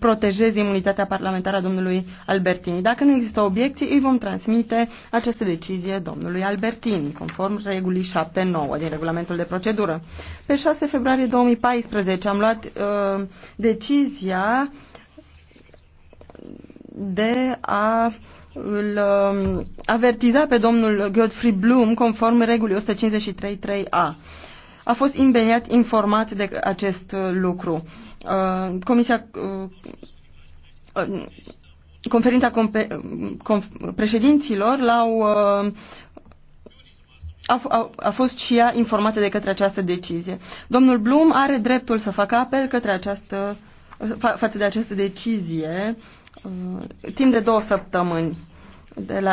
protejez imunitatea parlamentară a domnului Albertini. Dacă nu există obiecții, îi vom transmite această decizie domnului Albertini, conform regulii 7.9 din regulamentul de procedură. Pe 6 februarie 2014 am luat uh, decizia de a îl uh, avertiza pe domnul Godfrey Bloom conform regulii 153.3a a fost imediat informat de acest lucru. Uh, Comisia uh, uh, conferința președinților l-au a, a, a fost și ea informată de către această decizie. Domnul Blum are dreptul să facă apel către această, fa, față de această decizie timp de două săptămâni de la